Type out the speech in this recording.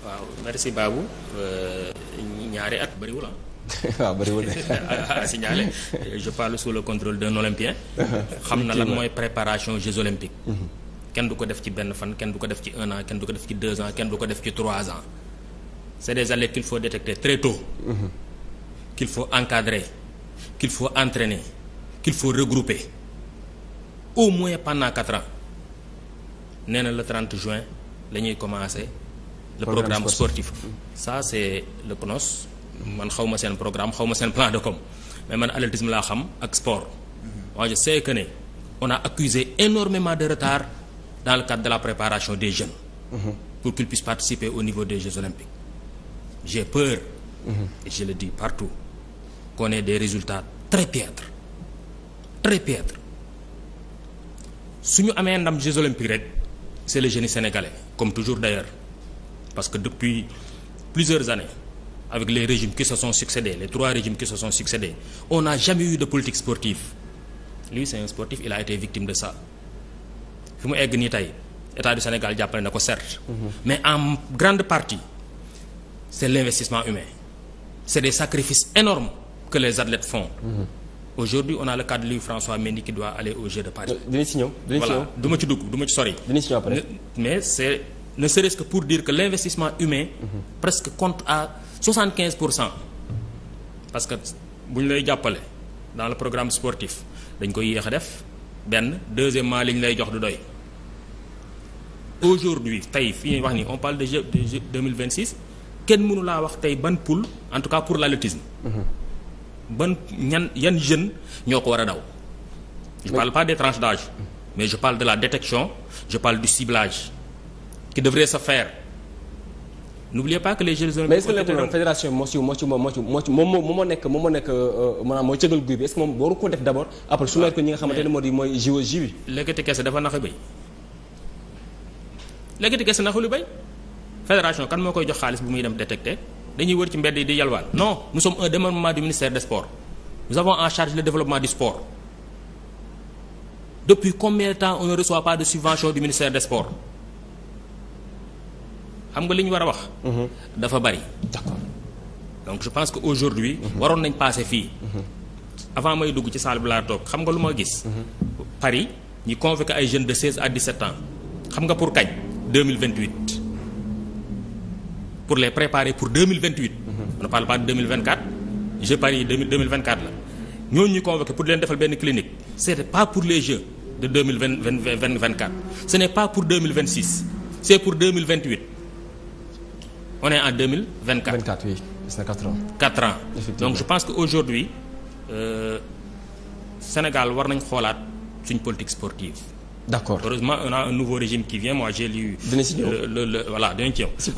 waaw merci Babou euh, ñaari at bëriwul ah. waaw bëriwul a à signaler je parle sous le contrôle d'un olympien. xam na lan mooy préparation Jeux olympiques. Mhm. kenn du ko def ci benn fan kenn du ko def ci un an kenn du ko def ci deux ans kenn ko def ci trois ans c'est des allées qu'il faut détecter très tôt. Mhm. qu'il faut encadrer qu'il faut entraîner qu'il faut regrouper au moins pendant quatre ans nee na le 30 juin lañuy ñuy le programme sportif ça c'est le CNOS man xaw ma seen programme xaw ma seen plan de com mais man athlétisme laa xam ak sport waaw je sais que ne on a accusé énormément de retard dans de la préparation des jeunes mhm. pour qu'ils puissent participer au niveau des Jeux olympiques j'ai peur mhm. je le dis partout qu'on des résultats très piètres très piètres su ñu amee ndam Jeux olympiques rek c'est le génie sénégalais comme toujours d'ailleurs parce que depuis plusieurs années avec les régimes qui se sont succédés les trois régimes qui se sont succédés on n'a jamais eu de politique sportive lui c'est sportif il a été victime de ça fi mu egg ni tey état du Sénégal jàppale na ko certes mhm. mais en grande partie c'est l'investissement humain c'est des sacrifices énormes que les athlètes font mhm. aujourd'hui on a le cas de Louis François Mendy qui doit aller aux Jeux de Paris. Euh, dina du ma ci dugg du ma ci sori. ne serait que pour dire que l'investissement humain presque compte à 75 pour cent parce que bu ñu lay jàppale dans le programme sportif dañ koy yéex a def benn deuxièmement li ñu lay jox du doy aujourd'hui tey fi ñuy wax ni on parle de jeux de jeux 2026 kenn mënu wax tey ban poule en tout cas pour l'athlétisme ban ñan yan jeunes ñoo ko war a daw je parle pas des tranches d'âge mais je parle de la détection je parle du ciblage qui devrait se faire n'oubliez pas que les Jeux olympiques. mais est-ce que nekkul woon fédération moo ci moo ci moo ci moo ci moom moo moo nekk moom moo nekk euh, maanaam mooy cëgal guy bi est-ce que moom waru ko def d'abord après su ko ñi nga xamante ne moo di mooy JOJ bi. lékkati kese dafa naxu bay lékkati kese naxu lu bay fédération kan moo koy jox xaalis bu muy dem détecter dañuy wër ci mbedd yi di yalwaan. non nous sommes un démembrement du ministère des sports nous avons en charge le développement du sport depuis combien de temps on ne reçoit pas de subvention du ministère des sports. xam nga li ñu war a wax. Mhm. dafa bari. d'accord donc je pense que aujourd'hui waroon nañ passé fii. Mhm. avant may dugg ci salle bi laa toog xam nga lu ma gis. Mhm. Paris ñi convoqué ay jeunes de 16 à 17 ans xam nga pour kañ pour les préparer pour 2028. on ne parle pas de 2024 Jeux Paris la ñooñu ñu convoqué pour leen defal benn clinique c'était pas pour les Jeux de 2024 ce n'est pas pour 2026 pour on est en deux mille vingt quatre. vingt quatre oui c'est quatre ans. quatre ans donc je pense que euh, Sénégal war nañ xoolaat suñ politique sportive. d'accord heureusement on a un nouveau régime qui vient moi j'ai lu. dina si ñëw le le voilà dinañ ci